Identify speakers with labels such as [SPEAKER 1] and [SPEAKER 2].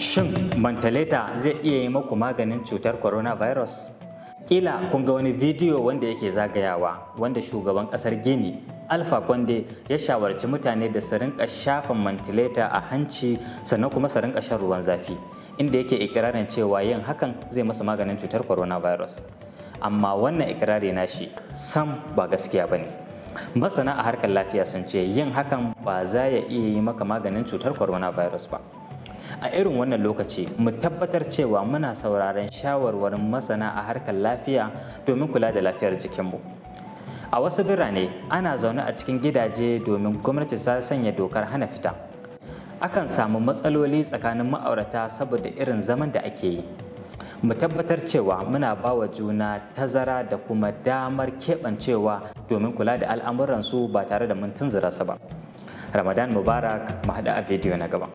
[SPEAKER 1] Shin Mantaleta zai iya yi maku maganin cutar coronavirus? Kila kun ga wani bidiyo wanda yake zagayawa wanda shugaban kasar Gini alfa kwande ya shawarci mutane da su rinka shafa mantileta a hanci sannan kuma su rinka shan ruwan zafi inda yake ikirarin cewa yin hakan zai masa maganin cutar coronavirus. Amma wannan ikirari na shi sam ba gaskiya ba ne. Masana a harkar lafiya sun ce yin hakan ba za ya iya yi maka maganin cutar coronavirus ba. a irin wannan lokaci mu tabbatar cewa muna sauraron shawarwarin masana a harkar lafiya domin kula da lafiyar jikinmu a wasu birane ana zaune a cikin gidaje domin gwamnati ta sanya dokar hana fita akan samu matsaloli tsakanin ma'aurata saboda irin zaman da ake yi mu tabbatar cewa muna ba wa juna tazara da kuma damar keɓancewa domin kula da al'amuransu ba tare da mun tunzura su ba ramadan mubarak mu haɗu a bidiyo na gaba